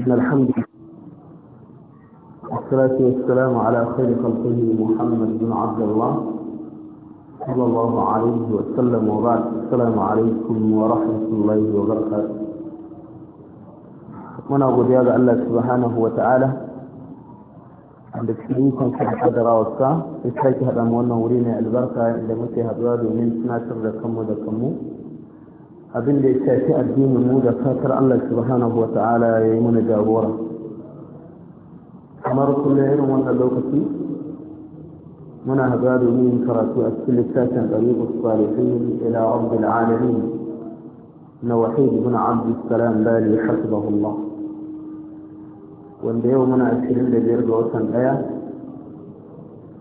إن الحمد والصلاة والسلام على خير خلقه محمد بن عبد الله صلى الله عليه وسلم وبعد السلام عليكم ورحمة الله وبركاته muna godiya ga Allah subhanahu wa ta'ala da cikin kanka da kadarawarsa ya sake haɗa mu wannan wuri mai albarka da muke haɗuwa domin tunatar da kanmu da kanmu abin da ya shafi addinin mu da fatar Allah subhanahu wata'ala ya yi mana jagora kamar kullum irin wannan lokaci muna haɗa domin karatu a cikin littafin ɗariƙu salihin ila rabbil alamin na wahid ibn abd salam bali hasbahullah wanda yau muna 25 ga watan ɗaya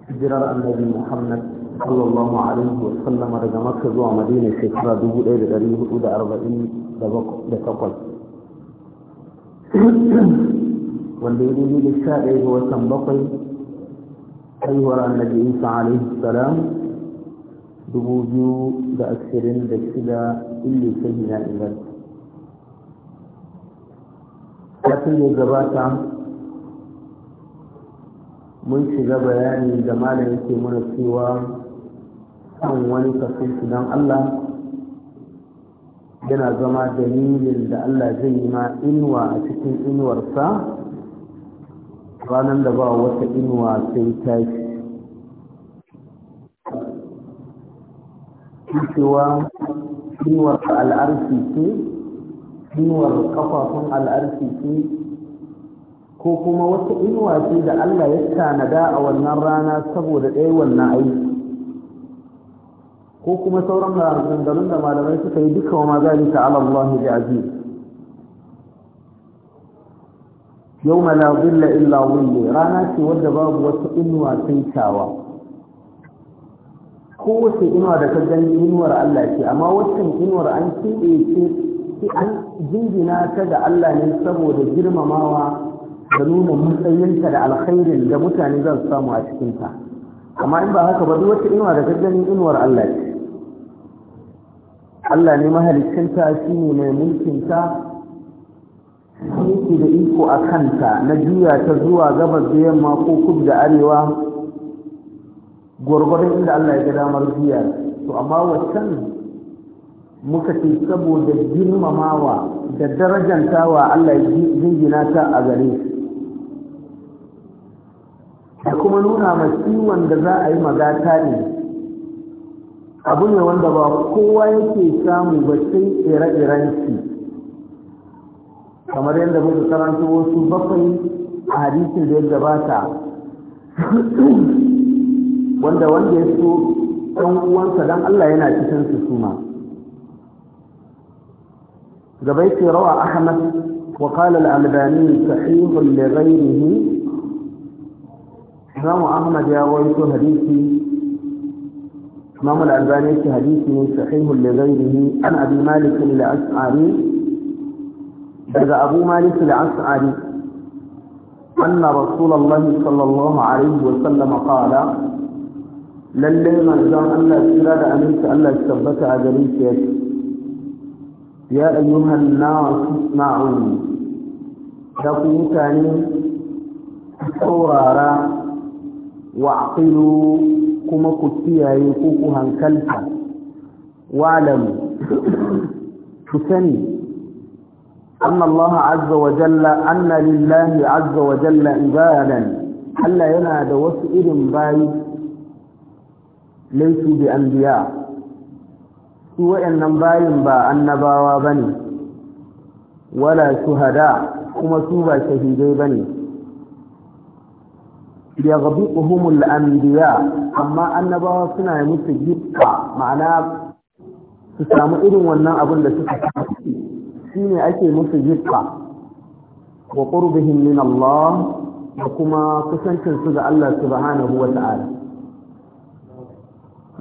hijirar annabi muhammad sallallahu alaihi wa sallam daga makka zuwa madina shekara 1448 wanda ya dubi da sha ɗaya ga watan bakwai haihuwar annabi isa alaihi salam 2026 illi sai na inganta kafin ya gabata mun shiga bayani da malam yake mana cewa kan wani kasanci don Allah yana zama dalilin da Allah zai yi ma inuwa a cikin inuwarsa ranar da ba wata inuwa sai ta shi. cewa inuwar al'arfi ce inuwar kafafun al'arfi ce ko kuma wata inuwa ce da Allah ya tanada a wannan rana saboda ɗaya wannan aiki ko kuma sauran maganganun da malamai suka yi duka wa ma zalika ala Allah bi aziz yawma la dhilla illa dhilli rana ce wadda babu wata inuwa sai tawa wace inuwa da ka gani inuwar Allah ce amma waccan inuwar an keɓe ce sai an jingina ta da Allah ne saboda girmamawa da nuna matsayinta da alkhairin da mutane zan samu a cikinta amma in ba haka ba duk wata inuwa da ka gani inuwar Allah ce Allah ne mahalicinta shi ne mai mulkinta yake da iko a kanta na juya ta zuwa gabas da yamma ko kub da arewa gwargwaron inda Allah ya ga damar juya to amma waccan muka ce saboda girmamawa da darajantawa Allah ya jingina ta a gare shi kuma nuna ma ciwon da za a yi magata ne abu ne wanda ba kowa yake samu ba sai ire-iren shi kamar yadda muka karanta wasu bakwai a hadisin da ya gabata wanda wanda ya so ɗan uwansa dan Allah yana cikin su suma gabai ce rawa ahmad wa qala al-albani sahihun li ghayrihi Imam Ahmad ya rawaito hadisi إمام الألباني في حديثه صحيح لغيره عن أبي مالك الأشعري إذا أبو مالك الأشعري أن رسول الله صلى الله عليه وسلم قال للي مرجان الله ان أمنت الله استبت اجريك يا أيها الناس اسمعوني تقول ثاني صورارا واعقلوا kuma ku kiyaye ku ku hankalta walam ku sani an Allah azza wa jalla anna lillahi azza wa jalla ibadan Allah yana da wasu irin bayi laisu bi anbiya su wa'annan bayin ba annabawa bane wala shuhada kuma su ba shahidai bane yaghbiquhumul anbiya amma annabawa suna yi musu gibba ma'ana su samu irin wannan abun da suka shine ake musu gibba wa qurbihim min Allah da kuma kusancin su ga Allah subhanahu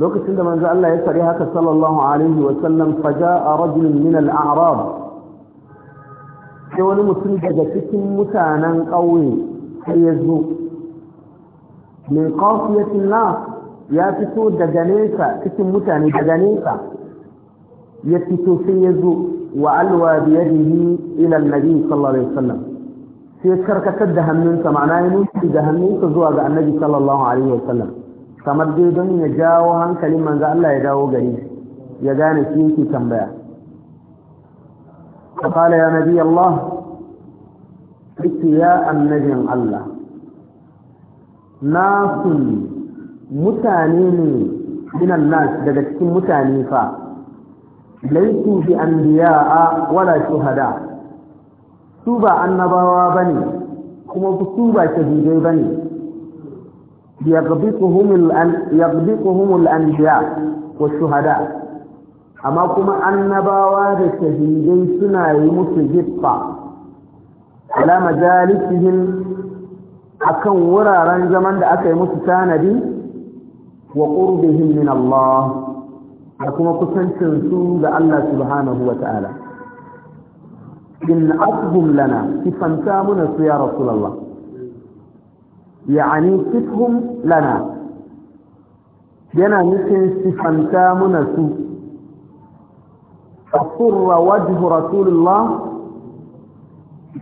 lokacin da manza Allah ya fari haka sallallahu alaihi wa sallam faja'a rajulun min al-a'rab sai wani mutum daga cikin mutanen ƙauye sai ya min qasiyatin nas ya fito daga nesa cikin mutane daga nesa ya fito sai ya zo wa alwa bi ila annabi sallallahu alaihi wasallam sai karkatar da hannunsa ma'ana ya nufi da hannunsa zuwa ga annabi sallallahu alaihi wasallam kamar dai don ya jawo hankalin manzo Allah ya dawo gari ya gane shi yake tambaya فقال يا نبي الله قلت يا النبي الله nasun mutane ne minan nas daga cikin mutane fa laisu bi a wala shuhada su ba annabawa ba ne, kuma su ba shahidai bane yaqbituhum al anbiya wa shuhada amma kuma annabawa da shahidai suna yi musu giffa ala majalisihim akan wuraren zaman da aka yi musu tanadi wa qurbihim min Allah da kuma kusancin su da Allah subhanahu wa ta'ala in asbum lana sifanta muna su ya rasulullah ya'ani sifhum lana yana nufin sifanta muna su فصر وجه رسول الله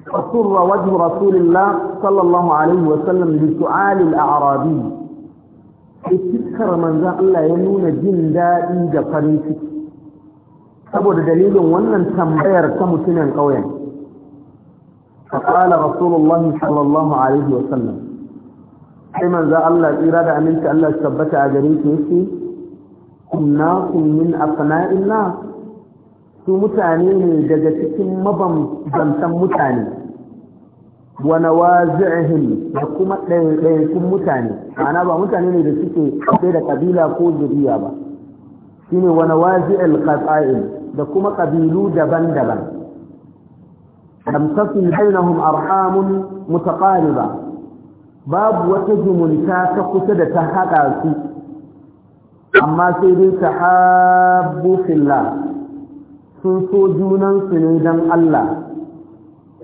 فسر وجه رسول الله صلى الله عليه وسلم لسؤال الأعرابي اتذكر من ذا الله ينون جن دائي جفريسك saboda dalilin wannan tambayar ta mutumin ƙauyen faƙala rasulullahi sallallahu alaihi wa sallam sai manzo Allah tsira da aminci Allah tabbata a garin shi yake kunna kun min su mutane ne daga cikin mabambantan mutane wa nawazi'ihim da kuma ɗaiɗaikun mutane ana ba mutane ne da suke sai da ƙabila ko zuriya ba shine wa wazi'ar ƙasa'in da kuma ƙabilu daban-daban lam tasil bainahum arhamun mutaqariba babu wata zumunta ta kusa da ta haɗa su amma sai dai habu fillah sun so junansu ne don Allah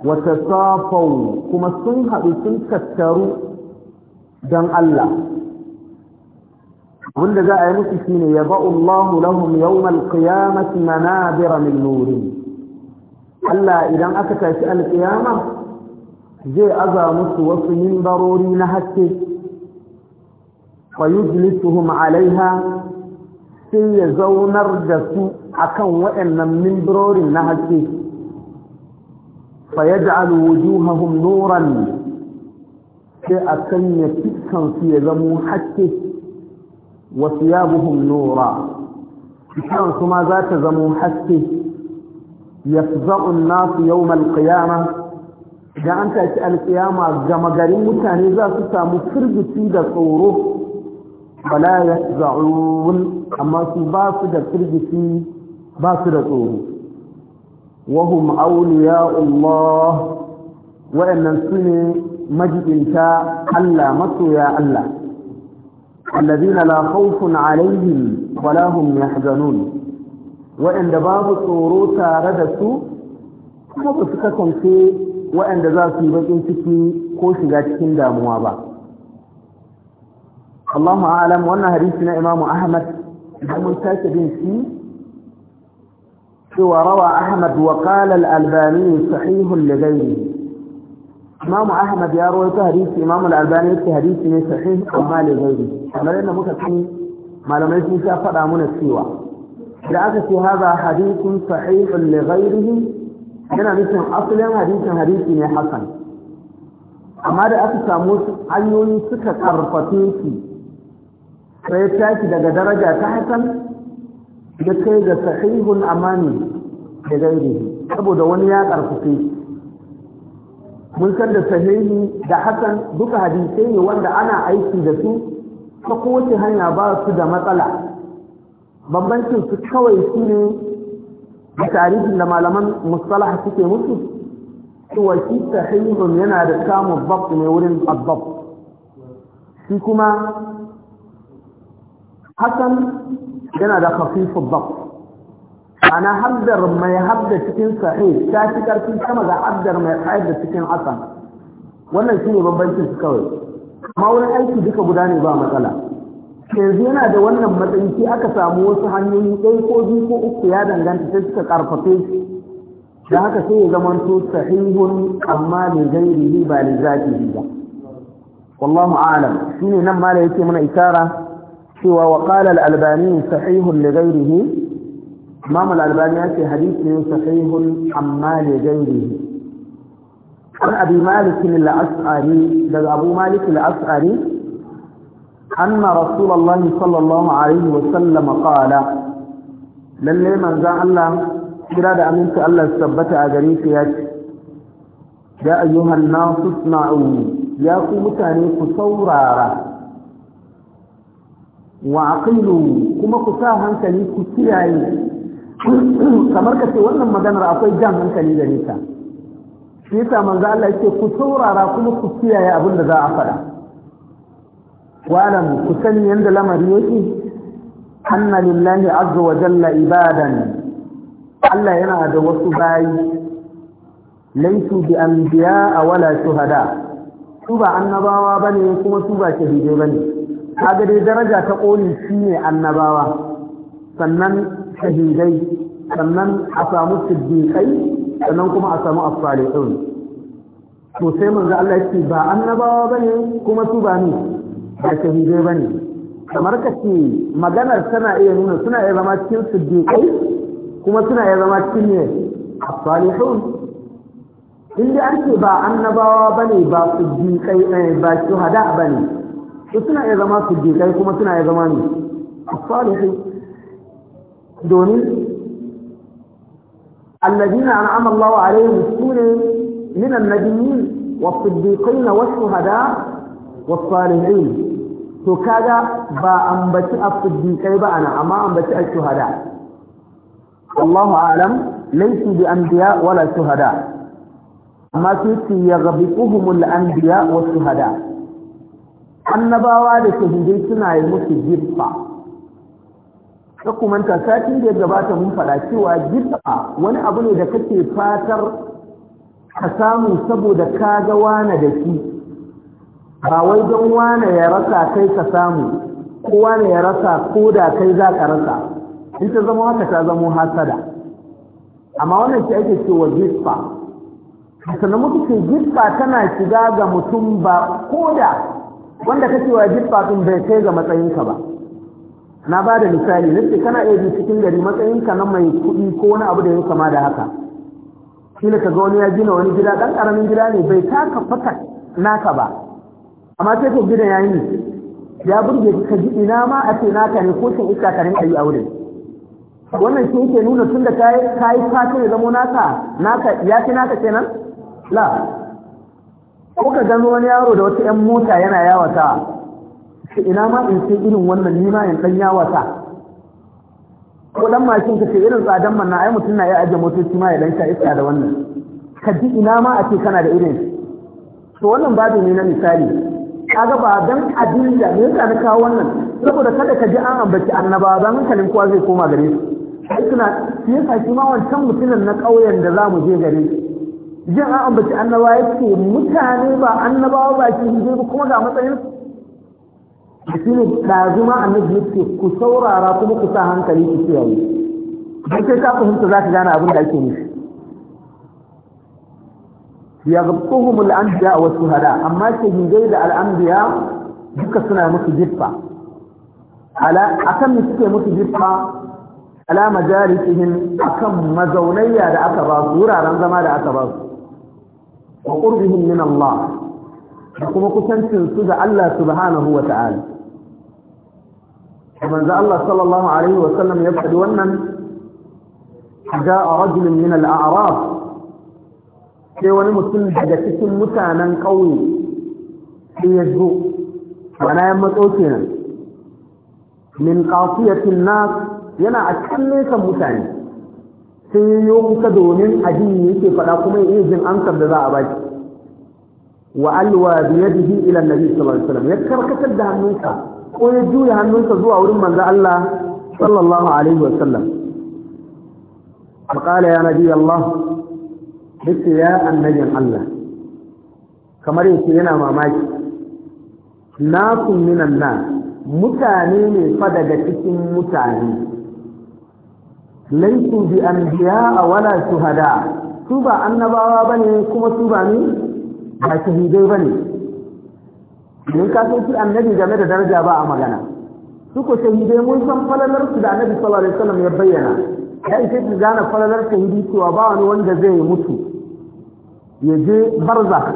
wata safau kuma sun haɗu sun tattaru don Allah wanda za a yi musu shine ya ba'ullahu lahum yawmal qiyamati manabira min nuri Allah idan aka tashi alƙiyama zai aza musu wasu mimbarori na haske fa yujlisuhum alaiha sai ya zaunar da su akan waɗannan mimbirorin na haske fa yaj'alu wujuhahum nuran sai a sanya fiskan su ya zamo haske wa siyabuhum nura fiskan su ma za ta zamo haske yafza'u an-nasu yawm al-qiyamah idan an tashi alƙiyama gama garin mutane za su samu firgici da tsoro bala ya za'un amma su ba su da firgici ba su da tsoro wahum auliya Allah waɗannan su ne majibinta Allah masoya Allah allazina la khawfun alaihim wala hum yahzanun waɗanda babu tsoro tare da su kuma ba su kasance waɗanda za su yi baƙin ciki ko shiga cikin damuwa ba Allahumma alam wannan hadisi na Imam Ahmad da mun sake bin shi wa rawa Ahmad wa qala al-Albani sahihun lidaini Imam Ahmad ya rawaita hadisi Imam al-Albani ya ce hadisi muka ci malamai sun ta faɗa mana cewa idan aka ce haza hadisun sahihun lidaini yana nufin asalin hadisin hadisi ne hasan amma da aka samu hanyoyi suka karfafe shi ya tashi daga daraja ta hasan ya kai ga sahihun amani da gairihi saboda wani ya karfafe mun san da sahihi da hasan duka hadisai ne wanda ana aiki da su ta kowace hanya ba su da matsala bambancin su kawai shi ne da tarihin da malaman mustalah suke musu cewa shi sahihun yana da samun bab ne wurin abbab shi kuma hasan yana da khafifud dhab ana haddar mai hadda cikin sahih ta fi karfin sama ga haddar mai da cikin Asa. wannan shine bambancin su kawai amma wurin aiki duka guda ne ba matsala yanzu yana da wannan matsayi aka samu wasu hanyoyi ɗaya ko biyu ko uku ya danganta sai suka karfafe shi da haka sai ya zama to sahihun amma li ghairihi ba li zatihi ba wallahu a'lam shine nan mala yake mana isara cewa wa qala al-albani sahihun li ghayrihi imam al-albani ya ce hadisi ne sahihun amma li ghayrihi an abi malik al-as'ari daga abu malik al-as'ari anna rasulullahi sallallahu alaihi wa sallam qala lalle manzan Allah kira da aminta Allah ya tabbata a gare shi ya ce ya ayyuhan nasu ya ku mutane ku saurara wa aqilu kuma ku sa hankali ku kiyaye kamar ka ce wannan maganar akwai jan hankali gare ta shi yasa manzo Allah yake ku saurara kuma ku kiyaye abin da za a faɗa Walamu ku sani yanda lamari yake anna lillahi azza wa jalla ibadan Allah yana da wasu bayi laisu bi anbiya wala shuhada su ba annabawa bane kuma su ba shahidai bane kaga dai daraja ta koli shi ne annabawa sannan shahidai sannan a samu siddiƙai sannan kuma a samu asfali'un to sai manzo Allah yake ba annabawa bane kuma su ba ni ba shahidai bane kamar ka ce maganar tana iya nuna suna iya zama cikin siddiƙai kuma suna iya zama cikin ne asfali'un in dai an ce ba annabawa bane ba siddiƙai eh, ba ba bane to suna iya zama siddiƙai kuma suna iya zama ne salihin domin allazina an'ama Allahu alaihim sune min annabiyyin was-siddiqin wash-shuhada was-salihin to kaga ba ambaci as-siddiqai ba ana amma ambaci ash-shuhada Allahu a'lam laysu bi anbiya wala shuhada amma su yaghbiquhum al-anbiya wash-shuhada annabawa da shahidai suna yi musu jiffa ta satin da ya gabata mun faɗa cewa jiffa wani abu ne da kake fatar ka samu saboda ka ga wane da shi ba wai don wane ya rasa kai ka samu ko wane ya rasa ko da kai za ka rasa in ta zama haka ta zama hasada amma wannan shi ake cewa jiffa sannan mutu ce jiffa tana shiga ga mutum ba ko da wanda kake wa jibba din bai kai ga matsayinka ba na ba da misali nufi kana iya cikin gari matsayinka na mai kuɗi ko wani abu da ya kama da haka shi ne ka ga wani ya gina wani gida ɗan ƙaramin gida ne bai taka fata naka ba amma sai ko gidan ya ya burge ka ji ina ma a ce naka ne ko shin iska ka rinka aure wannan shi yake nuna tun da kai yi ya zamo naka naka ya fi naka kenan la kuka gano wani yaro da wata 'yan mota yana yawata shi ina ma in ce irin wannan nima in ɗan yawata ko dan mashin ka ce irin tsadan man na, ai mutun na ya aje motoci ma ya dan sha iska da wannan ka ji ina ma a ce kana da irin to wannan babu ne na misali kaga ba dan abin da me yasa na kawo wannan saboda kada ka ji an ambaci annabawa ba kalin kowa zai koma gare su sai suna shi yasa shi ma wancan mutumin na ƙauyen da za mu je gare jin an ambaci annabawa ya ce mutane ba annabawa ba ke hijir ba kuma ga matsayin a shi ne ɗazuma annabi ya ce ku saurara kuma ku sa hankali ku kiyaye don sai ka fahimta za ka gane abin da ake nufi يغطهم الأنبياء والشهداء أما شهيدي الأنبياء duka suna musu jiffa a kan da suke musu jiffa ala majalisihim a kan mazaunayya da aka ba su wuraren zama da aka ba su wa qurbihim min Allah da kuma kusancin su da Allah subhanahu wa ta'ala manzo Allah sallallahu alaihi wa sallam ya faɗi wannan ja'a rajulun min al-a'raf sai wani mutum daga cikin mutanen ƙauye sai ya zo mana ya matso kenan min qafiyatin nas yana a cikin nesan mutane sun yi kusa domin addini yake faɗa kuma ya iya jin amsar da za a baki wa alwa bi yadihi ila annabi sallallahu alaihi wasallam ya karkatar da hannunsa ko ya juya hannunsa zuwa wurin manzo Allah sallallahu alaihi wasallam فقال يا نبي الله قلت يا النبي الله kamar yake yana mamaki nasu minan nan mutane ne fa daga cikin mutane laisu bi anbiya wala shuhada su ba annabawa bane kuma su ba ni ba shahidai bane in ka so ki annabi game da daraja ba a magana su ko shahidai mun san falalar su da annabi sallallahu alaihi wasallam ya bayyana ya ishe ki gane falalar shahidi cewa ba wani wanda zai mutu ya je barza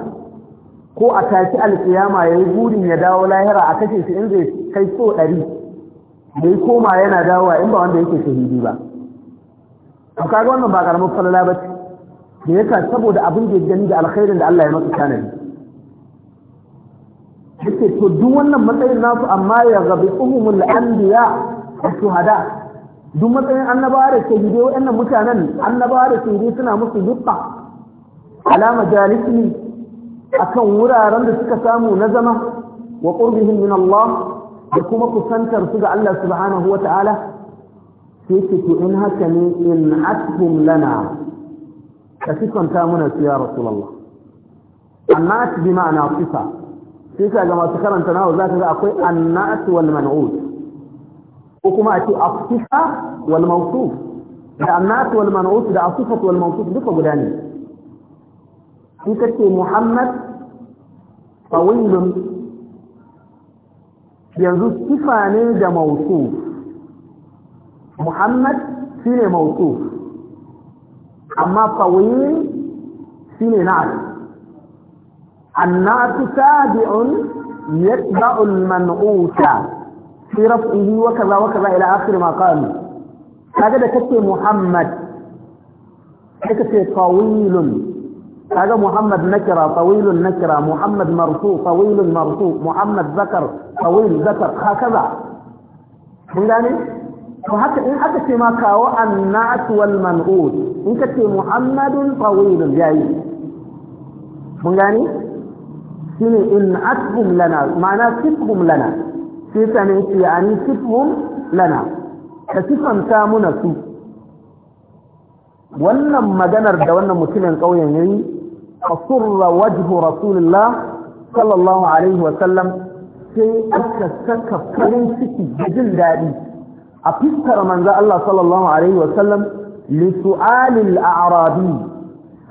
ko a tashi alkiyama ya yi burin ya dawo lahira a kashe shi in zai kai so ɗari da koma yana dawowa in ba wanda yake shahidi ba to kaga wannan ba karamar falala ba ce da yasa saboda abin da gani da alkhairin da Allah ya masa tanadi yake to duk wannan matsayin nasu amma ya gabi umumul anbiya da shuhada duk matsayin annabawa da ke gide waɗannan mutanen annabawa da ke gide suna musu dukka alama jalisi akan wuraren da suka samu na zama wa qurbihim min Allah da kuma kusantar su ga Allah subhanahu wa ta'ala سيكتو انها كني ان اتهم لنا فسيكو انتامنا يا رسول الله الناس بمعنى صفة سيكو اذا ما تكرم تناول ذات ذا اقوي الناس والمنعود وكما اتي الصفة والموصوف الناس والمنعود ذا الصفة والموصوف دفع قداني سيكتو محمد طويل ينزل صفة نيجا موصوف محمد سيني موصوف اما طويل سيني نعل النعت تابع يتبع المنعوت في رفعه وكذا وكذا الى اخر ما قال هذا كتي محمد كتي طويل هذا محمد نكرة طويل نكرة محمد مرسو طويل مرسو محمد ذكر طويل ذكر هكذا هل يعني to haka in aka ce ma kawo annat wal man'ud in ka ce muhammadun tawilun yayi mun gane shine in atbum lana ma'ana sifhum lana shi ta ne ce ani sifhum lana ka sifanta muna su wannan maganar da wannan mutumin ƙauyen yayi surra wajhu rasulullah sallallahu alaihi Wasallam, sai aka saka farin ciki da jin daɗi a fiskar manzo Allah sallallahu alaihi wasallam li su'alil a'rabi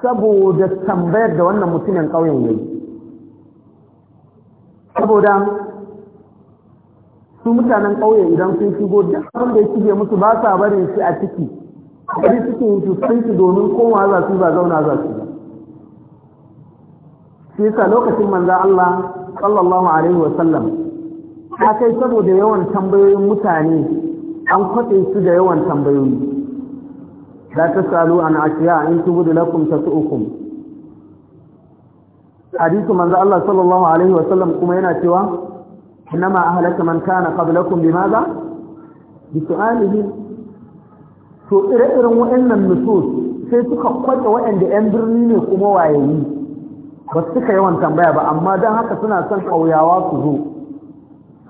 saboda tambayar da wannan mutumin kauyen yayi saboda su mutanen kauye idan sun shigo duk abin da ya musu ba sa barin shi a ciki bari suke yin tusan domin kowa za su ba zauna za su ba lokacin manzo Allah sallallahu alaihi wasallam ta kai saboda yawan tambayoyin mutane an kwaɗe su da yawan tambayoyi la salu an ashiya in tubudu lakum tasu'ukum hadithu manzo Allah sallallahu alaihi wa Sallam kuma yana cewa inma ahlaka man kana qablakum bimaza bi su'alihi to ire-iren waɗannan nusus sai suka kwaɗe waɗanda 'yan birni ne kuma wayayi ba suka yawan tambaya ba amma don haka suna son ƙauyawa su zo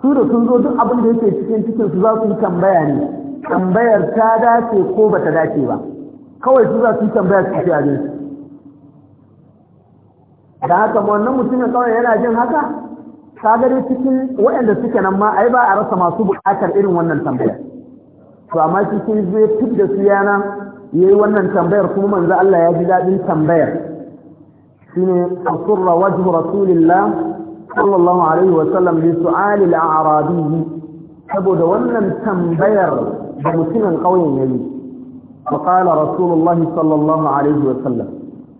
su da sun zo duk abin da yake cikin cikin su za su yi tambaya ne tambayar ta dace ko bata dace ba kawai su za su yi tambaya su ce abin da haka wannan mutumin kawai yana jin haka ta gari cikin waɗanda suke nan ma ai ba a rasa masu buƙatar irin wannan tambayar to amma cikin zai fit da su yana ya yi wannan tambayar kuma manzo Allah ya ji dadin tambayar shine asurra wajhu rasulillah sallallahu alaihi wasallam li su'ali al-a'rabi saboda wannan tambayar da mutumin kauyen yayi fa qala rasulullah sallallahu alaihi wasallam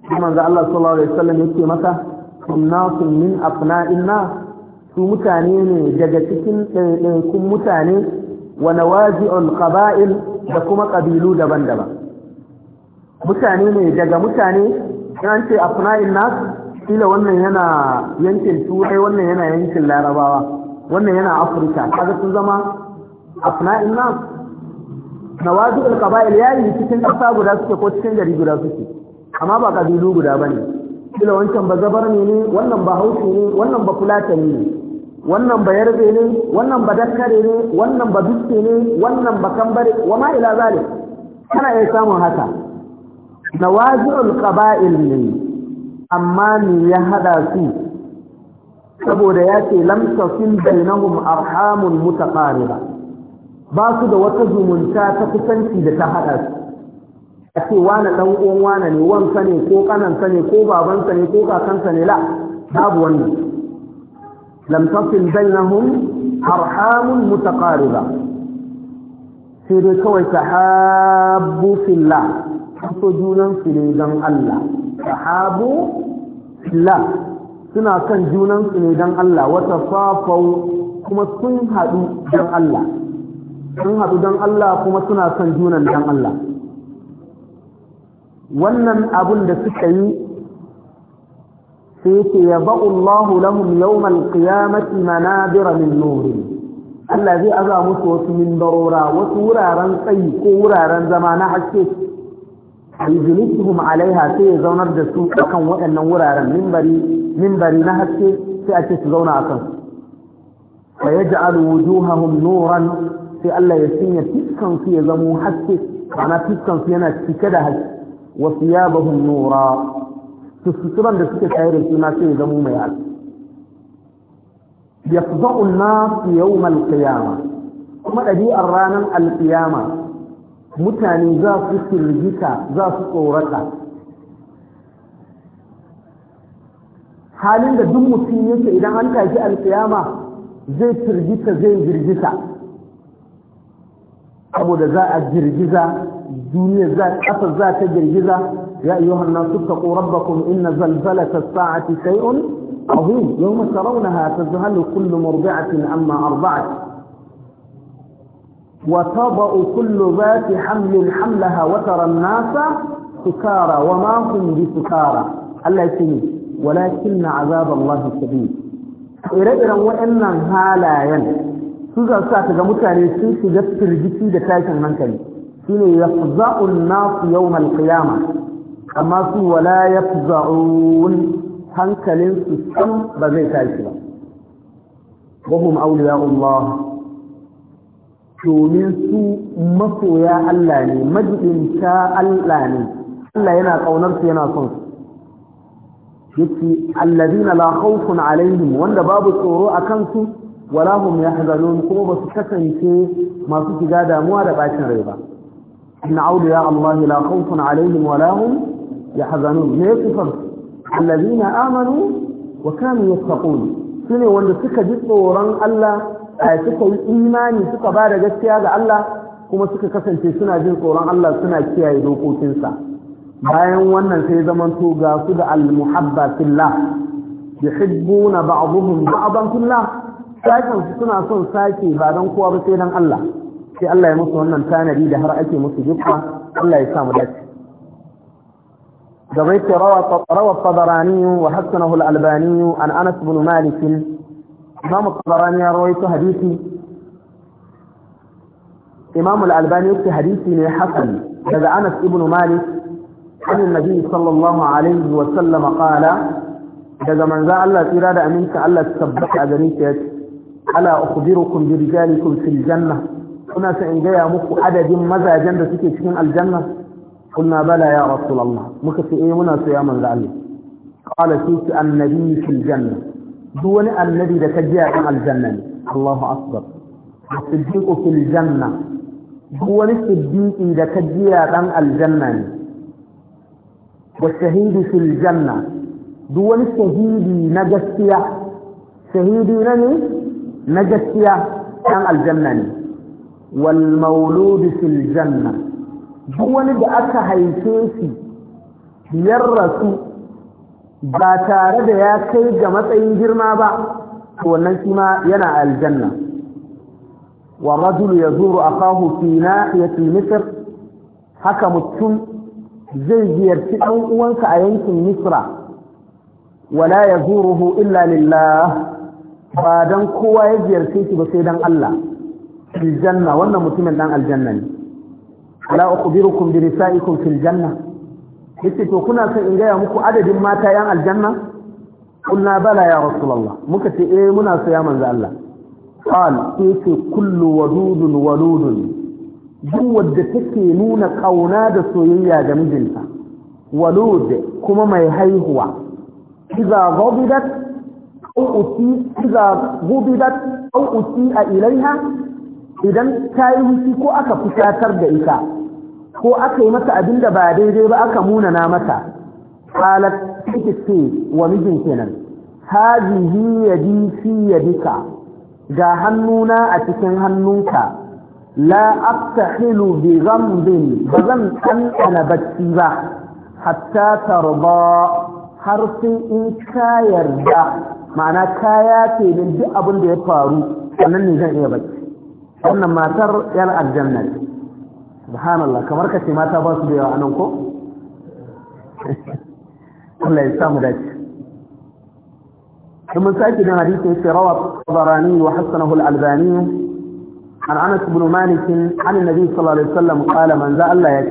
kuma da Allah sallallahu alaihi wasallam yake maka sunnasun min afna'in nas su mutane ne daga cikin ɗaiɗaikun mutane wa nawazi'ul qaba'il da kuma ƙabilu daban-daban mutane ne daga mutane ce kila wannan yana yankin turai wannan yana yankin larabawa wannan yana afirka kaga sun zama afna'in nan wasu al ya yi cikin ƙasa guda suke ko cikin gari guda suke amma ba ƙabilu guda ba ne kila wancan ba zabar ne ne wannan ba haushi ne wannan ba fulata ne wannan ba yarbe ne wannan ba dakare ne wannan ba dukke ne wannan ba kambare wa ma ila zalik kana iya samun haka nawadu al-qaba'il ne amma me ya hada su saboda ya ce lam tasil bainahum arhamun mutaqariba ba su da wata zumunta ta kusanci da ta hada su a ce wani dan uwan wani ne wansa ne ko kanansa ne ko babansa ne ko kakansa ne la babu wannan lam tasil bainahum arhamun mutaqariba sai dai kawai sahabbu fillah so junan su ne don Allah sahabu la suna son junansu ne don Allah wata fafau kuma sun haɗu don Allah sun haɗu don Allah kuma suna son junan don Allah wannan abun da suka yi sai yake ya ba'ullahu lahum yawmal qiyamati manabira min nuri Allah zai aza musu wasu barora wasu wuraren tsayi ko wuraren zama na haske yujlisuhum alaiha sai ya zaunar da su akan waɗannan wuraren minbari minbari na haske sai a ce su zauna akan fa yaj'alu wujuhahum nuran sai Allah ya sanya fiskan su ya zamo haske ana fiskan su yana cike da haske wa thiyabahum nura su suturan da suke tsaye da su na sai ya zamo mai haske yafza'u an-nas yawm al-qiyamah kuma ɗabi'ar ranar alƙiyama mutane za su firgita za su tsorata halin da duk mutum yake idan an tashi alkiyama zai firgita zai girgita saboda za a girgiza duniya za ƙasa za ta girgiza ya iya hannu su taƙo ina zalzala ta sa'ati shay'un ahim yau mace rauna ha ta zuhallu kullum murbi'atin amma arba'at وتضع كل ذات حمل حملها وترى الناس سكارى وما هم بسكارى الله يسمي ولكن عذاب الله شديد ire-iren waɗannan halayen su za su ta ga mutane sun shiga firgici da tashin hankali shi ne ya fuza'un nasu yau malkiyama amma su wala ya fuza'un hankalinsu sam ba zai tashi ba wahum auliya'ullah domin su masoya Allah ne majibinta Allah ne Allah yana kaunar su yana son su yace allazina la khawfun alaihim wanda babu tsoro akan su wala hum yahzanun kuma ba su kasance masu shiga damuwa da bacin rai ba inna audu ya Allah la khawfun alaihim wala hum yahzanun ne kufar allazina amanu wa kanu yattaqun sune wanda suka ji tsoron Allah suka yi imani suka ba da gaskiya ga Allah kuma suka kasance suna jin tsoron Allah suna kiyaye dokokinsa bayan wannan sai zaman to ga su da al-muhabba fillah yuhibbuna ba'dhum ba'dan fillah sakin su suna son sake ba dan kowa ba sai dan Allah sai Allah ya musu wannan tanadi da har ake musu jikka Allah ya sa mu dace da bai rawa rawa tabarani wa hasanahu al-albani an Anas ibn Malik امام الطبراني رويت حديثي امام الالباني في حديثي حسن هذا انس ابن مالك عن النبي صلى الله عليه وسلم قال اذا من ذا الله اراد منك الله تسبح اذنك الا اخبركم برجالكم في الجنه هنا سانجيا مخ عدد ماذا جند سكي في الجنه قلنا بلى يا رسول الله مكتئ ايه منا سيامن قال سيك النبي في الجنه duk wani annabi da ka ji a kan aljanna ne Allahu akbar siddiqu fil janna duk wani siddiqi da ka ji a kan aljanna ne wa shahidu fil janna duk wani shahidi na gaskiya shahidi na ne na gaskiya dan aljanna ne wal mauludu fil janna duk wani da aka haife shi biyar rasu ba tare da ya kai ga matsayin girma ba to wannan shi ma yana aljanna wa rajul yazuru akahu fi nahiyati misr haka mutum zai ziyarci dan uwansa a yankin misra wala yazuruhu illa lillah ba dan kowa ya ziyarce shi ba sai dan Allah fil janna wannan mutumin dan aljanna ne ala ukhbirukum bi nisaikum fil janna yace to kuna son in gaya muku adadin mata yan aljanna qulna bala ya rasulallah, muka ce eh muna so ya manzo Allah qal ce kullu wadudun waludun duk wadda take nuna kauna da soyayya ga mijinta walud kuma mai haihuwa idza ghadidat aw uti idza ghubidat aw uti ilaiha idan ta yi ko aka fusatar da ita ko aka yi masa abin da ba daidai ba aka munana masa qalat tikisi wa mijin kenan hazihi yadi fi yadika ga hannuna a cikin hannunka la aftahilu bi Ba zan tantana bacci ba hatta tarda har sai in ka yarda ma'ana kaya ce din duk abin da ya faru sannan ne zan iya bacci wannan matar yar aljanna subhanallah kamar kace mata ba da yawa anan ko Allah ya samu dace kuma sai da hadisi sai rawa Tabarani wa hasanahu al-Albani an Anas ibn Malik an Nabi sallallahu alaihi wasallam qala man za Allah ya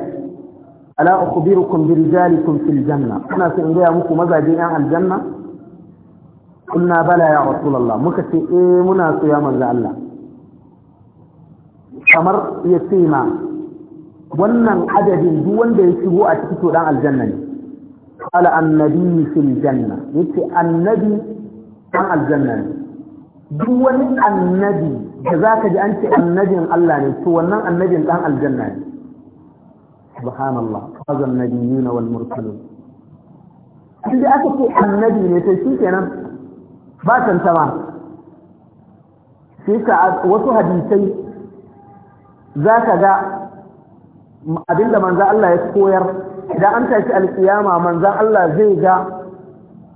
ala ukhbirukum bi rijalikum fil janna ana sai ga muku mazaje yan aljanna kunna bala ya rasul Allah muka ce eh muna so ya manzo Allah kamar yatima wannan adadin duk wanda ya shigo a ciki to dan aljanna ne qala annabi fil janna yace annabi dan aljanna ne duk wani annabi da zaka ji an ce annabin Allah ne to wannan annabin dan aljanna ne subhanallah faza annabiyuna wal mursalun inda aka ce annabi ne sai shi kenan. ba tantama sai ka wasu hadisai za ka ga abinda manzan Allah ya koyar idan an tashi alkiyama manzan Allah zai ga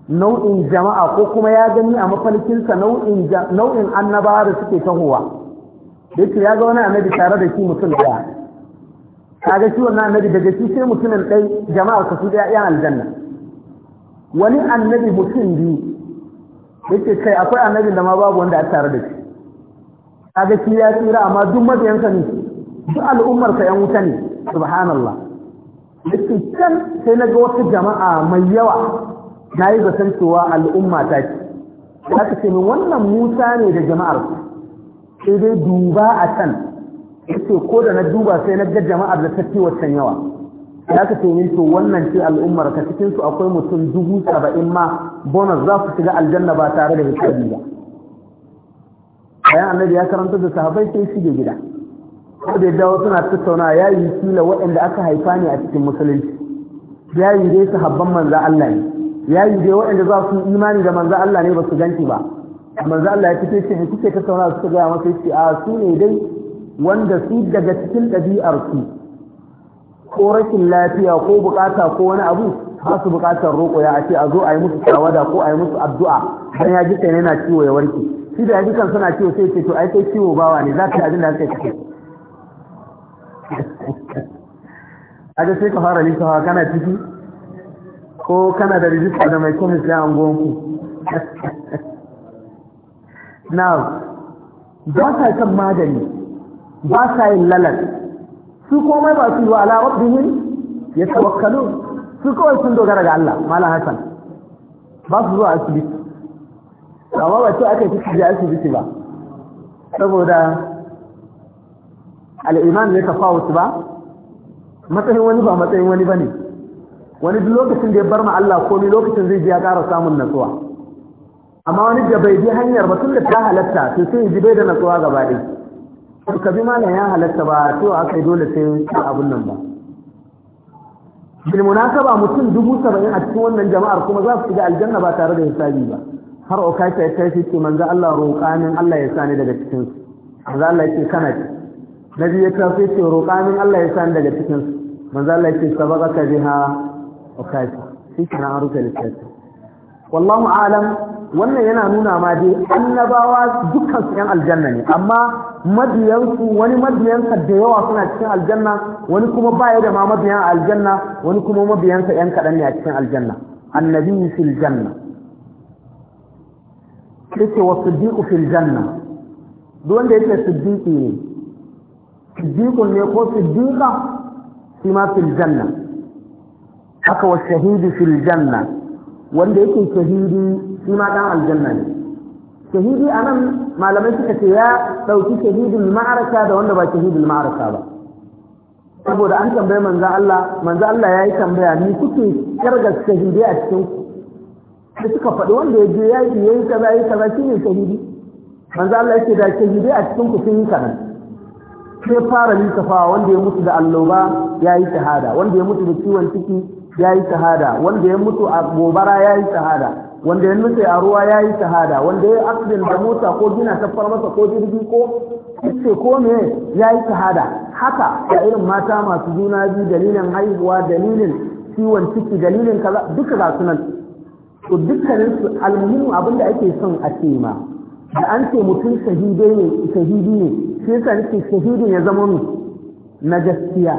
nau'in jama'a ko kuma ya gani a mafarkinsa nau'in nau'in annabawa da suke tahowa yake ya ga wani annabi tare da shi mutum daya kaga shi wannan annabi daga shi sai mutumin dai jama'a su su daya yan aljanna wani annabi mutum biyu yake kai akwai annabi da ma babu wanda a tare da shi kaga shi ya tsira amma duk mabiyansa ne duk al'ummarsa yan wuta ne subhanallah yake can sai na ga wata jama'a mai yawa na yi zaton cewa al'umma ta ce aka ce min wannan musa ne da jama'ar sai dai duba a can ce ko da na duba sai na ga jama'ar da ta ce wacan yawa da aka ce min to wannan ce al'ummar ka cikin su akwai mutum dubu saba'in ma bonus za su shiga aljanna ba tare da hisabi ba bayan annabi ya karanta da sahabai sai shige gida ko da dawo suna tattauna ya yi kila waɗanda aka haifa ne a cikin musulunci ya yi dai habban manza Allah ne ya yi dai waɗanda za su imani da manza Allah ne ba su ganci ba manza Allah ya fito shi kuke tattauna suka gaya masa shi? a su ne dai wanda su daga cikin ɗabi'ar su ko rashin lafiya ko bukata ko wani abu ba su bukatar roƙo ya ce a zo a yi musu tawada ko a yi musu addu'a dan ya ji kai yana ciwo ya warke shi da ya ji kan suna ciwo sai ce to ai kai ciwo bawa ne za ka yi abin da ka kake aje sai ka fara lissafa kana ciki ko kana da rijista da mai sai an gonku na ba sa kan magani ba sa yin lalar su komai ba su yi wa ala rabbihim ya tawakkalu su kawai sun dogara ga Allah malam Hassan ba su zuwa asibiti amma ba ce aka fi asibiti ba saboda al'iman ne fawus ba matsayin wani ba matsayin wani ba ne. wani duk lokacin da ya bar ma Allah komai lokacin zai ji ya ƙara samun natsuwa amma wani da bai bi hanyar ba tun da ta halatta su sun ya ji bai da natsuwa gaba ɗaya ka bi malam ya halatta ba to aka yi dole sai abun nan ba bil munasaba mutum dubu saba'in a cikin wannan jama'ar kuma za su shiga aljanna ba tare da hisabi ba har o kace ya yi ce manzo Allah roƙanin Allah ya sani daga cikin su manzo Allah yake kana ci Na nabi ya tafi ce roƙamin Allah ya san daga cikin su manzo Allah ya ce sabaqaka biha ukati shi kana rubuta littafi wallahu alam wannan yana nuna ma dai annabawa dukkan su yan aljanna ne amma mabiya'n su wani mabiyansa da yawa suna cikin aljanna wani kuma baya da ma mabiyan aljanna wani kuma mabiyansa yan kaɗan ne a cikin aljanna annabi fil janna yake wa siddiqu fil janna duk wanda yake siddiqi ne siddiqun ne ko siddiqa shi ma fil janna haka wa shahidi fil janna wanda yake shahidi shi ma dan aljanna ne shahidi anan malamai suka ce ya dauki shahidul ma'araka da wanda ba shahidul ma'araka ba saboda an tambaye manzo Allah manzo Allah yayi tambaya ni kuke karga shahidi a cikin ku suka faɗi wanda ya je yayi yayi kaza yayi kaza shine shahidi manzo Allah yake da shahidi a cikin ku sun yi kaza sai fara littafawa wanda ya mutu da alloba ya yi shahada wanda ya mutu da ciwon ciki ya yi shahada wanda ya mutu a gobara ya yi shahada wanda ya mutu a ruwa ya yi shahada wanda ya accident da mota ko gina ta masa ko jirgi ko ce ko me ya yi shahada haka da irin mata masu juna biyu dalilin haihuwa dalilin ciwon ciki dalilin kaza duka ga nan to dukkanin su abin abinda ake son a ce ma da an ce mutum shahidi ne shi yasa nake shahidin ya zama mu na gaskiya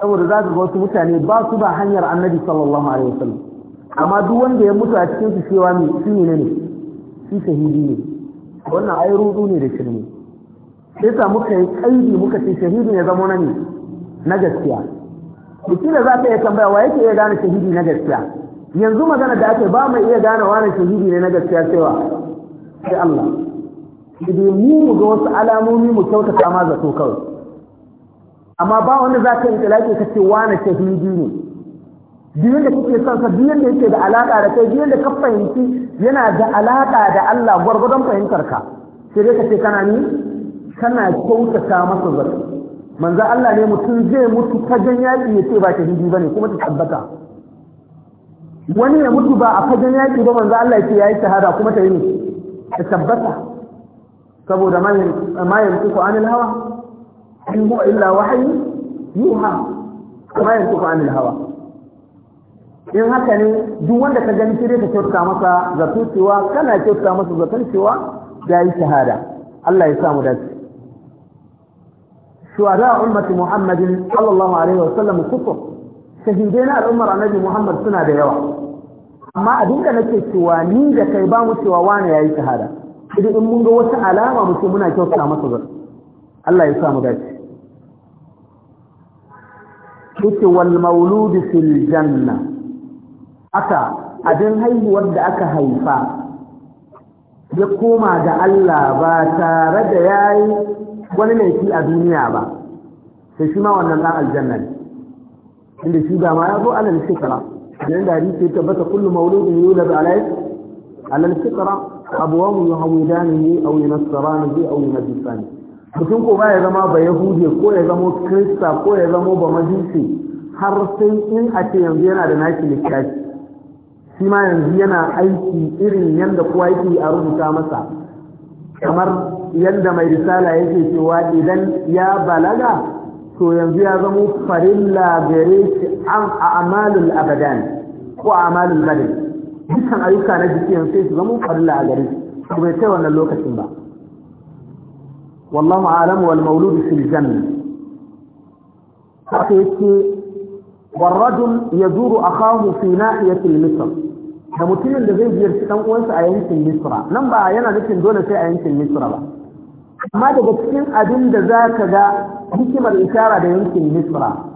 saboda za ka ga wasu mutane ba su ba hanyar annabi sallallahu alaihi wasallam amma duk wanda ya mutu a cikin su cewa ne shi ne ne shi shahidi ne wannan ai rudu ne da shirme sai sa muka yi kaidi muka ce shahidin ya zama na ne na gaskiya da za ka iya tambaya wa yake iya gane shahidi na gaskiya yanzu magana da ake ba mu iya gane wani shahidi ne na gaskiya cewa sai Allah da mu mu ga wasu alamomi mu kyautata ma zato kawai amma ba wanda za ka yi talaki ka ce wani shahidi ne biyun da kuke son sa biyun da yake da alaƙa da kai biyun da ka fahimci yana da alaƙa da Allah gwargwadon fahimtar ka sai dai ka ce kana ni kana kyautata masa zato manzo Allah ne mutum zai mutu fagen yaƙi ya ce ba shahidi bane kuma ta tabbata wani ya mutu ba a fagen yaƙi ba manzo Allah ya ce yayi shahada kuma ta yi ta tabbata saboda mayan tuku anil hawa in huwa illa wahayi yuha mayan tuku anil hawa in haka ne duk wanda ka gani sai ka kyauta masa zato cewa kana kyauta masa zaton cewa ya yi shahada Allah ya samu dace shuhada ummati muhammadin sallallahu alaihi wa sallam kufur shahidai na al'ummar annabi muhammad suna da yawa amma abinda nake cewa ni da kai ba mu cewa wani ya yi shahada sai in mun ga wata alama mu ce muna kyauta masa zan Allah ya sa mu dace yace wal mauludu fil janna aka abin haihuwar da aka haifa ya koma ga Allah ba tare da yayi wani laifi a duniya ba sai shi ma wannan dan aljanna ne inda shi ba ma ya zo alal fitra dan da hadisi ya tabbata kullu mauludin yulad alai alal fitra abuwan yuhawidanihi aw yunassaranihi ya yunajjisani mutum ko ba ya zama ba yahude ko ya zama krista ko ya zama ba majusi har sai in a ce yanzu yana da naki littafi shi ma yanzu yana aiki irin yadda kowa yake a rubuta masa kamar yadda mai risala yake cewa idan ya balaga to yanzu ya zama farilla gare shi an a amalul abadan ko amalul badal dukkan ayyuka na jiki yanzu sai su zama farilla a gare su bai kai wannan lokacin ba wallahu a'lamu wal mauludu fil janna haka yake والرجل يزور أخاه في ناحية مصر da mutumin da zai ziyarci dan uwansa a yankin Misra nan ba yana nufin dole sai a yankin Misra ba amma daga cikin abin da zaka ga hikimar isara da yankin Misra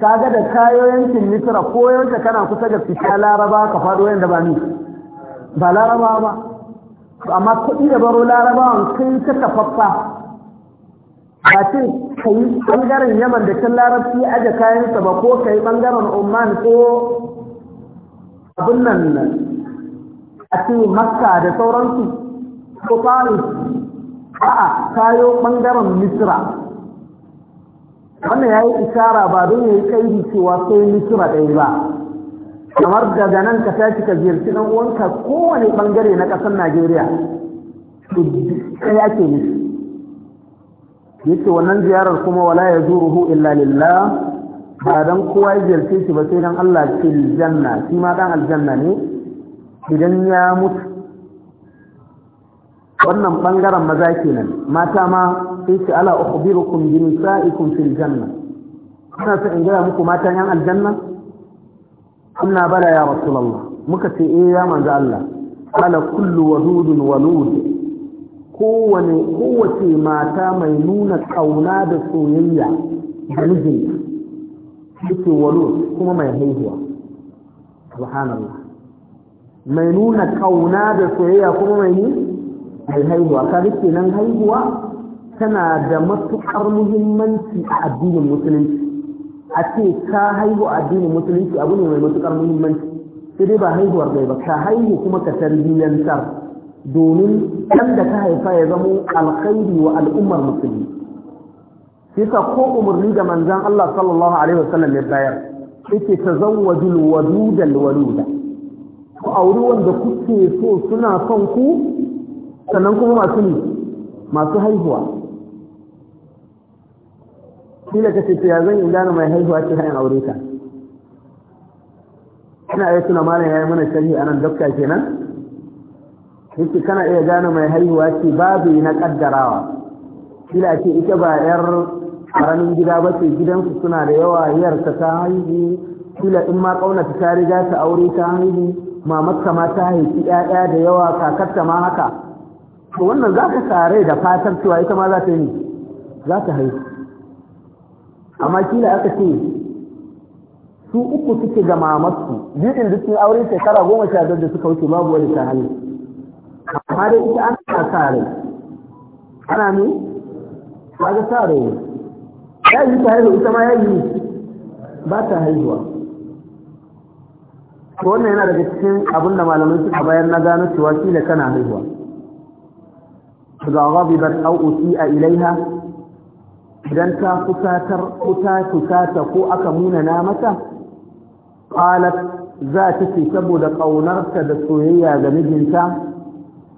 kaga da kayoyancin nisra ko yanka kana kusa da fita laraba ka faɗo yanda ba ni ba laraba ba amma kuɗi da baro larabawan kai ta tafaffa ba ce ka yi ɓangaren yaman da can larabci aje kayansa ba ko ka yi ɓangaren oman ko abin nan a ce makka da sauransu ko faris a'a kayo ɓangaren misra wannan ya yi ishara ba don ya yi kairi cewa sai kira ɗaya ba kamar daga nan ka tashi ka ziyarci ɗan uwanka kowane ɓangare na ƙasar najeriya to ya ke nufi yake wannan ziyarar kuma wala ya zuruhu illa lillah ba don kowa ya ziyarce shi ba sai don Allah fil janna shi ma ɗan aljanna ne idan ya mutu wannan ɓangaren maza kenan mata ma sai ce ala ukhbirukum bi nisaikum fil janna kana so in gaya muku matan yan aljanna kunna bala ya rasulullah muka ce eh ya manzo Allah ala kullu wadudun walud kowane kowace mata mai nuna kauna da soyayya da mijinta yake walud kuma mai haihuwa subhanallah mai nuna kauna da soyayya kuma mai ni mai haihuwa ka rike nan haihuwa tana da matuƙar muhimmanci a addinin musulunci a ce ka haihu a addinin musulunci abu ne mai matuƙar muhimmanci sai dai ba haihuwar bai ba ka haihu kuma ka tarbiyyantar domin ɗan da ka haifa ya zamo alkhairi wa al'ummar musulmi sai ka ko umarni da manzan Allah sallallahu alaihi wasallam ya bayar yake tazawwajul wadudal waluda ku auri wanda kuke so suna son ku sannan kuma masu ne masu haihuwa shi da kace ya zan in gane mai haihuwa ce hanyar aure ta kana iya tuna ya yi mana sharhi nan, dokta kenan yake kana iya gane mai haihuwa ce babu na kaddarawa shi ce ita ba yar karamin gida ba ce gidansu suna da yawa yar ta ta haihu kila in ma kauna ta riga ta aure ta haihu mamakka ma ta haifi 'ya'ya da yawa kakarta ma haka to wannan za ka sare da fatan cewa ita ma za ta yi za ta haihu amma kila aka ce su uku suke ga mamarsu biyu da sun aure shekara goma sha biyar da suka wuce babu wani ta hannu amma dai ita an sa rai ana ne ba ga sa rai ya yi ta haihu ita ma ya yi ba ta haihuwa ko wannan yana daga cikin abin da malamai suka bayar na gano cewa kila kana haihuwa ga ghadibat aw a ilaiha idan ta kusatar kuta kusata fusata ko aka munana mata qalat za ta ce saboda ƙaunarta da soyayya ga mijinta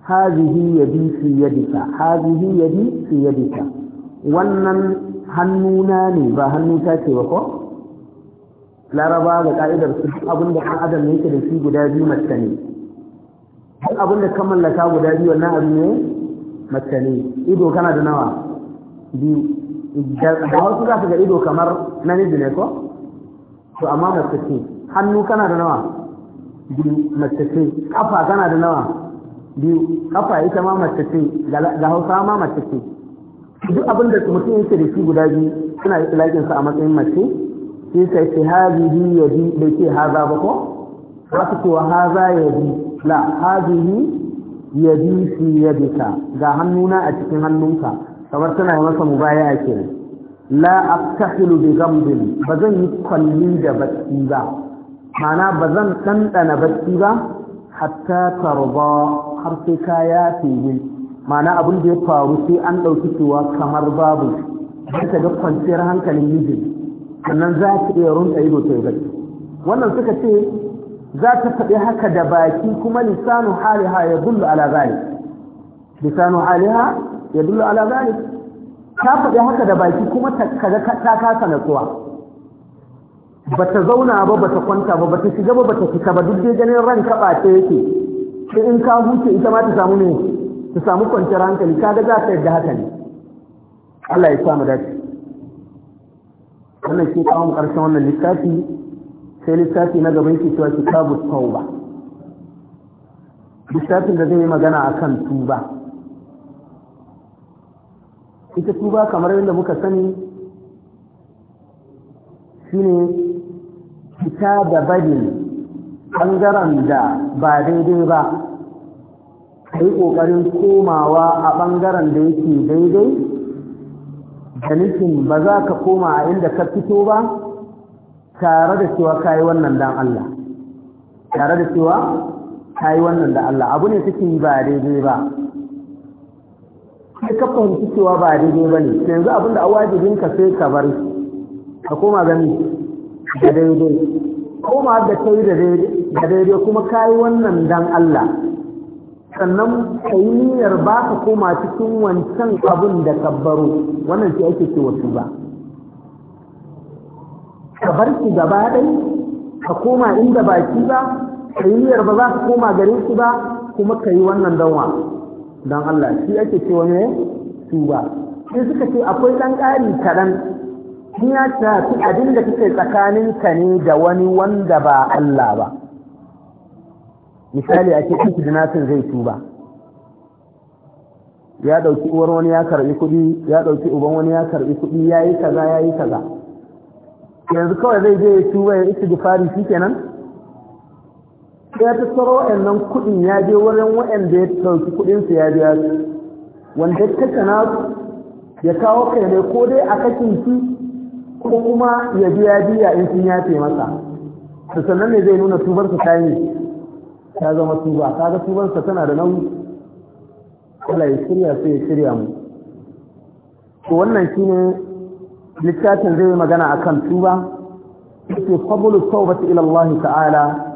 hazihi yadi fi yadika hazihi yadi fi yadika wannan hannuna ne ba hannu ta ce ba ko laraba ga ka'idar su abin da adam ne yake da shi guda biyu mace ne duk abin da ka mallaka guda biyu wannan abu ne mace ne ido kana da nawa biyu da wasu za su ga ido kamar namiji ne ko to amma mace ce hannu kana da nawa biyu mace ce kafa kana da nawa biyu kafa ita ma mace ga hausa ma mace duk abin da mutum yake da shi guda biyu suna yi ilakin sa a matsayin mace sai sai ce hazihi yadi bai ce haza ba ko za su cewa haza yadi la hazihi yadi fi yadika ga hannuna a cikin hannunka kamar tana yi masa mubaya ke la aftahilu bi gambin ba zan yi kwalli da bacci ba mana ba zan ɗanɗana bacci ba hatta tarba har sai ka ya fiye mana abin da ya faru sai an ɗauki cewa kamar babu don ta ga kwanciyar hankalin mijin sannan za ta iya runta ido ta yi bacci wannan suka ce za ta faɗi haka da baki kuma lisanu haliha ya dullu ala zalik lisanu haliha ya dullu ala zalik ta faɗi haka da baki kuma kaga ta kasa natsuwa ba ta zauna ba ba ta kwanta ba ba ta shiga ba ba ta fita ba duk dai ganin ran ka ta yake sai in ka huce ita ma ta samu ne ta samu kwanciyar hankali ga za ta yadda haka ne Allah ya mu dace wannan shi kawo mu karshen wannan littafi sai littafi na gaban shi cewa kitabu tauba littafin da zai yi magana akan tuba ita tuba kamar yadda muka sani shine fita da bari ɓangaren da ba daidai ba ka yi ƙoƙarin komawa a ɓangaren da yake daidai da nufin ba za ka koma a inda ka fito ba tare da cewa ka yi wannan dan Allah tare da cewa ka yi wannan da Allah abu ne suke ba daidai ba sai ka fahimci cewa ba daidai ba ne yanzu abin da awajibin ka sai ka bar ka koma gani da daidai koma da yi da daidai kuma kayi wannan dan Allah sannan ka yi niyyar ba ka koma cikin wancan abin da ka baro wannan shi ake cewa su ba ka bar shi gaba ɗai ka koma inda baki ba ka yi niyyar ba za ka koma gare shi ba kuma ka yi wannan danwa don Allah shi ake wani ne tuba sai suka ce akwai ɗan ƙari kaɗan in ya shafi abin da kake tsakanin ka ne da wani wanda ba Allah ba misali ake ciki dinasin zai tuba ya ɗauki uwar wani ya karɓi kuɗi ya ɗauki uban wani ya karɓi kuɗi ya yi kaza ya yi kaza yanzu kawai zai je ya tuba ya da fari shi kenan ya tsoro wa'annan kuɗin ya je wurin wa'anda ya tsauki kuɗinsu ya biya su wanda ya tattana su ya kawo kai ne ko dai a kakin shi ko kuma ya biya biya in sun yafe masa da sannan ne zai nuna tubarsa ta yi ta zama tuba ta ga tubarsa tana da nauyi Allah ya shirya sai ya shirya mu to wannan shine littafin zai magana akan tuba yake fadlu tawbati ila Allah ta'ala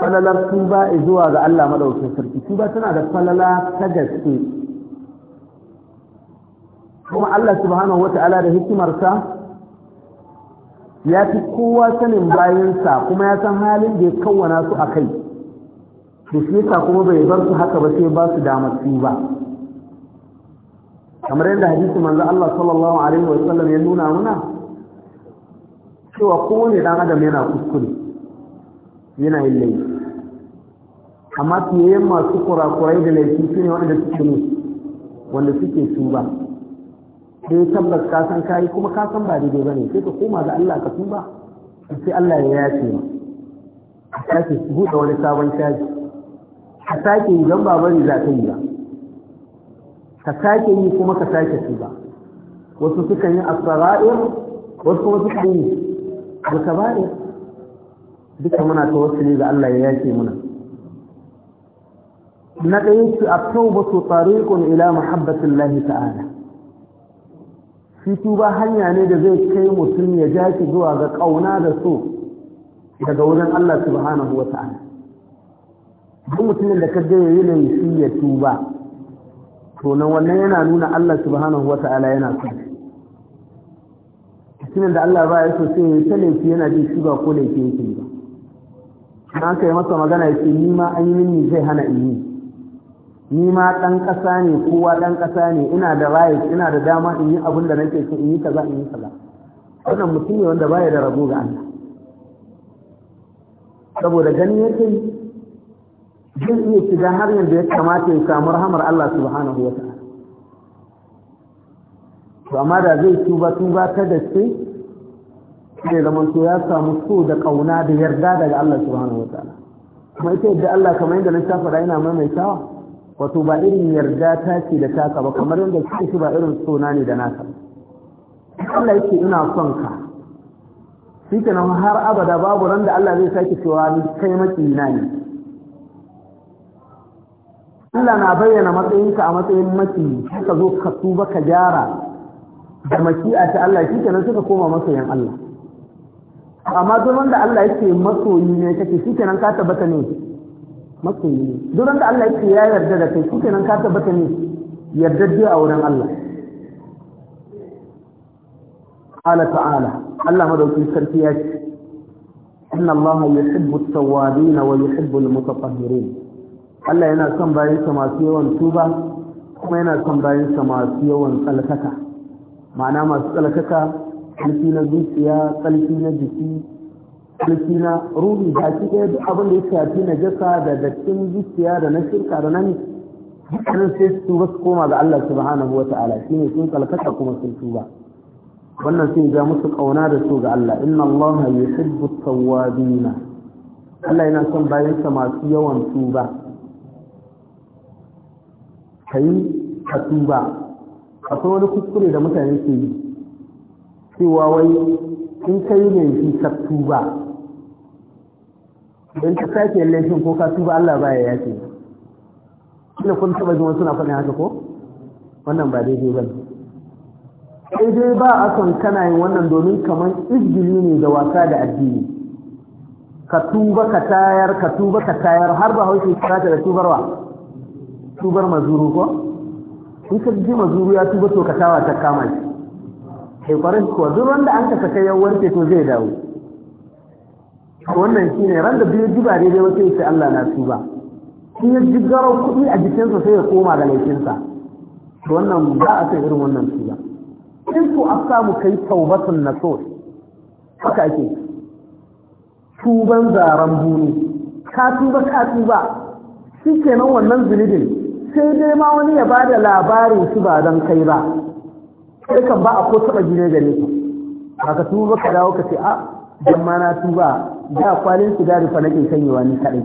falalar tuba zuwa ga Allah madaukakin sarki tuba tana da falala ta gaske kuma Allah subhanahu wata'ala da hikimarsa ya fi kowa sanin bayansa kuma ya san halin da ya kawwana su a kai da shi yasa kuma bai bar su haka ba sai ba su damar tuba kamar yadda hadisi manzo Allah sallallahu alaihi wa sallam ya nuna muna cewa kowane dan adam yana kuskure yana yin laifi amma fiyayyen masu kurakurai da laifi su ne wanda suke ne wanda suke tuba sai tabbas ka san kayi kuma ka san ba daidai ba ne sai ka koma ga Allah ka tuba sai Allah ya yace ma a sake buɗe wani sabon shafi ka sake yi don babar za ta yi ba ka sake yi kuma ka sake ba wasu suka yi asra'ir wasu kuma suka yi al-kaba'ir duka muna ta tawassuli ga Allah ya yace muna na ɗaya ce a su tariqun ila mahabbatillahi ta'ala shi tuba hanya ne da zai kai mutum ya jaki zuwa ga ƙauna da so daga wurin Allah subhanahu wa ta'ala duk mutumin da ka ya yi laifi ya tuba to nan wannan yana nuna Allah subhanahu wa ta'ala yana so mutumin da Allah ba ya so sai ya laifi yana jin shi ba ko laifi yake ba na kai masa magana ya ce nima an yi mini zai hana in yi nima ɗan ƙasa ne kowa ɗan ƙasa ne ina da right ina da dama in yi abin da nake so in yi kaza in yi kaza wannan mutum ne wanda baya da rabo ga Allah saboda gani yake zai iya shiga har yanzu ya kamata ya samu rahamar Allah subhanahu wa ta'ala to amma da zai tuba tuba ta gaske sai zaman to ya samu so da kauna da yarda daga Allah subhanahu ta'ala. kuma ita yadda Allah kamar yadda na shafa ina maimaitawa wato ba irin yarda ta ce da taka ba kamar yadda kike ba irin sona ne da naka Allah yake ina son ka shi nan har abada babu ran da Allah zai sake cewa ni kai na ne Allah na bayyana matsayinka a matsayin maki ka zo ka tuba ka gyara da maki a ta Allah shi kenan suka koma masoyan Allah amma duk wanda Allah yake masoyi ne kake shi kenan ka tabbata ne masoyi ne duk wanda Allah yake ya yarda da kai shi kenan ka tabbata ne yarda dai a wurin Allah qala ta'ala Allah madauki sarki ya ce inna Allah yuhibbu at-tawwabin wa yuhibbu al-mutatahhirin Allah yana son bayin sa masu yawan tuba kuma yana son bayin sa masu yawan tsalkaka ma'ana masu tsalkaka tsarki na zuciya tsarki na jiki tsarki na ruhi baki ɗaya duk abin da ya shafi na jasa da dattin zuciya da na shirka da na dukkanin sai su ba su koma ga Allah subhanahu wa ta'ala shine sun kalkata kuma sun tuba wannan sai ga musu kauna da su ga Allah inna Allah yuhibbu tawwabina Allah yana son bayan sa masu yawan tuba kai ka tuba akwai wani kuskure da mutane ke yi cewa wai in kai yi shi ka tuba don ka sake laifin ko ka tuba Allah ba ya yace ina kun taba jin suna faɗin haka ko wannan ba daidai ba sai dai ba a son kana yin wannan domin kamar izgili ne da wasa da addini ka tuba ka tayar ka tuba ka tayar har ba haushi ka da tubarwa tubar mazuru ko in ka ji mazuru ya tuba to ka tawa ta kama shi Eh, kai kuwa duk wanda an kasa kai yawar to zai dawo wannan shi ne ran da biyu jiba daidai wata sai Allah na tuba shi ya jiggarar kuɗi a jikinsa sai ya koma ga laifinsa to wannan za a sai irin wannan tuba in ku a samu kai taubatun nasos haka ake tuban zaren buni ka tuba ka tuba shi kenan wannan zunubin sai dai ma wani ya ba da labarin shi ba don kai ba sai kan ba a ko taba jini gare su ka tuba ka dawo ka ce a ah, dan ma na tuba da kwalin su gari fa nake sanyewa ni kaɗai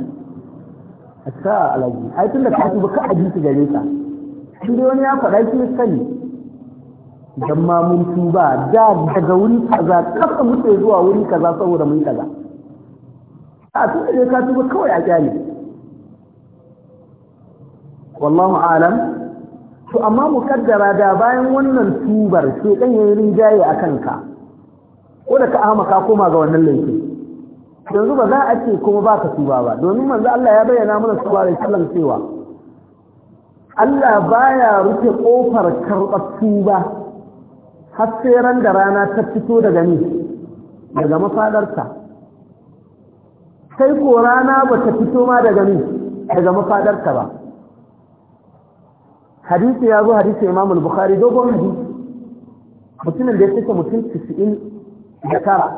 a sa ah, alaji ai tun da ka tuba ka aji su gare ka shi dai wani ya faɗa shi sani dan ma mun tuba da daga wuri kaza kasa muke zuwa wuri kaza saboda mun kaza a tun da ka tuba kawai a kyale wallahu alam to amma kaddara da bayan wannan tubar sai dan yayin rinjaye a kanka ko da ka ahama ka koma ga wannan laifi yanzu ba za a ce kuma ba ka tuba ba domin manzo Allah ya bayyana mana sallallahu da sallan cewa Allah baya rufe kofar karbar tuba har sai ran da rana ta fito daga ni daga mafadarta sai ko rana ba ta fito ma daga ni daga mafadarta ba hadisi ya zo hadisi imam al-bukhari dogon hadisi mutumin da ya kashe mutum 90 da tara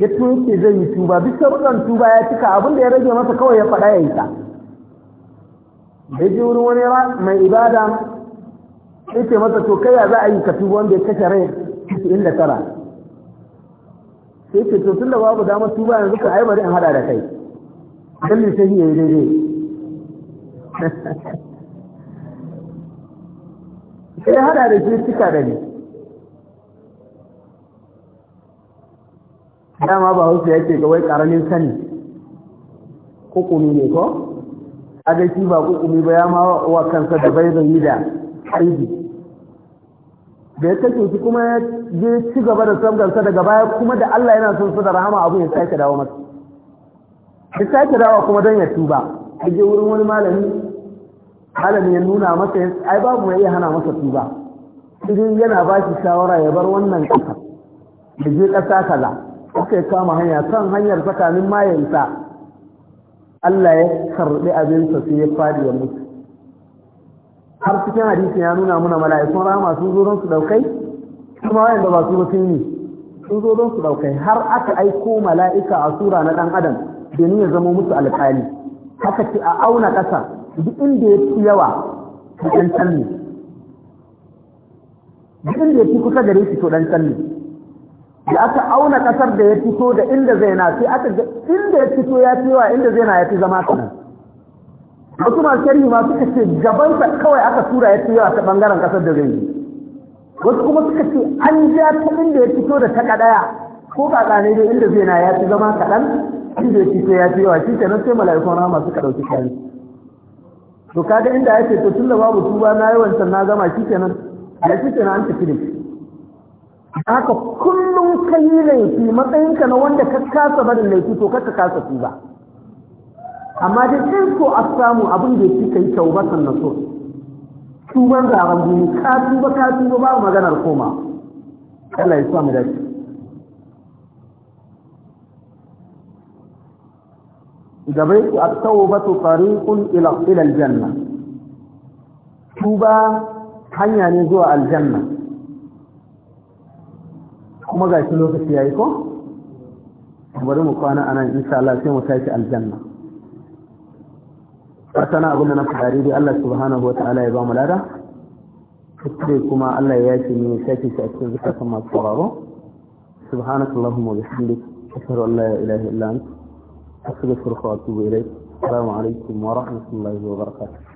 ya tunke zai yi tuba bisa sharuɗan tuba ya cika abinda ya rage masa kawai ya faɗa ya yi ta da ji wurin wani mai ibada ya ce masa to kai ya za a yi ka tuba wanda ya kashe rai kara sai ce to tun da babu damar tuba yanzu ka ai bari in hada da kai dalilin sai yi daidai sai hada da cika da ne dama ba hausa yake ga wai karamin sani kukumi ne ko aga shi ba kukumi ba ya ma wa kansa da bai zai da aiki da ya kashe shi kuma ya je ci gaba da samgarsa daga baya kuma da Allah yana son su da rahama abu ya sake dawo masa ya sake dawo kuma don ya tuba a je wurin wani malami malami ya nuna masa ai babu mai iya hana masa tuba idan yana ba shi shawara ya bar wannan ƙasa da je ƙasa kaza aka kama hanya kan hanyar tsakanin mayansa Allah ya karɓi abinsa sai ya faɗi ya mutu har cikin hadisi ya nuna muna mala'ikun rama sun zo don su ɗaukai kuma wayanda ba su ba sun sun zo don su ɗaukai har aka aiko mala'ika a sura na ɗan adam domin ya zama musu alƙali haka ce a auna ƙasa duk inda ya fi yawa to ɗan can ne duk inda ya fi kusa gare shi to ɗan can ne da aka auna ƙasar da ya fito da inda zai na sai aka ga inda ya fito ya fi yawa inda zai na ya fi zama kanan wasu masu sharhi ma suka ce gabansa kawai aka tura ya fi yawa ta ɓangaren ƙasar da zai yi wasu kuma suka ce an ja ta inda ya fito da ta kaɗaya ko kaka ne inda zai na ya fi zama kaɗan inda ya fito ya fi yawa shi kenan sai mala'ikun rama suka ɗauki kayan to kaga inda yake to tunda babu tuba na yi wancan na gama ya shi kenan an tafi da haka kullum ka yi laifi matsayinka na wanda ka kasa barin laifi to ka kasa tuba amma dai in so a samu abin da yake kai tauba sannan so tuban zaren gumi ka tuba ka tuba babu maganar koma Allah ya sa mu dace gabai ku at-tawbatu tariqun ila ila al-janna tuba hanya ne zuwa aljanna kuma ga shi lokaci yayi ko bari mu kwana anan insha Allah sai mu tashi aljanna fatana abinda na fadari dai Allah subhanahu wa ta'ala ya ba mu lada kuma kuma Allah ya ce ne sai ki a cikin zakatun masu sauraro subhanakallahumma wa bihamdik ashhadu an la ilaha illa anta أستغفرك وأتوب إليك السلام عليكم ورحمة الله وبركاته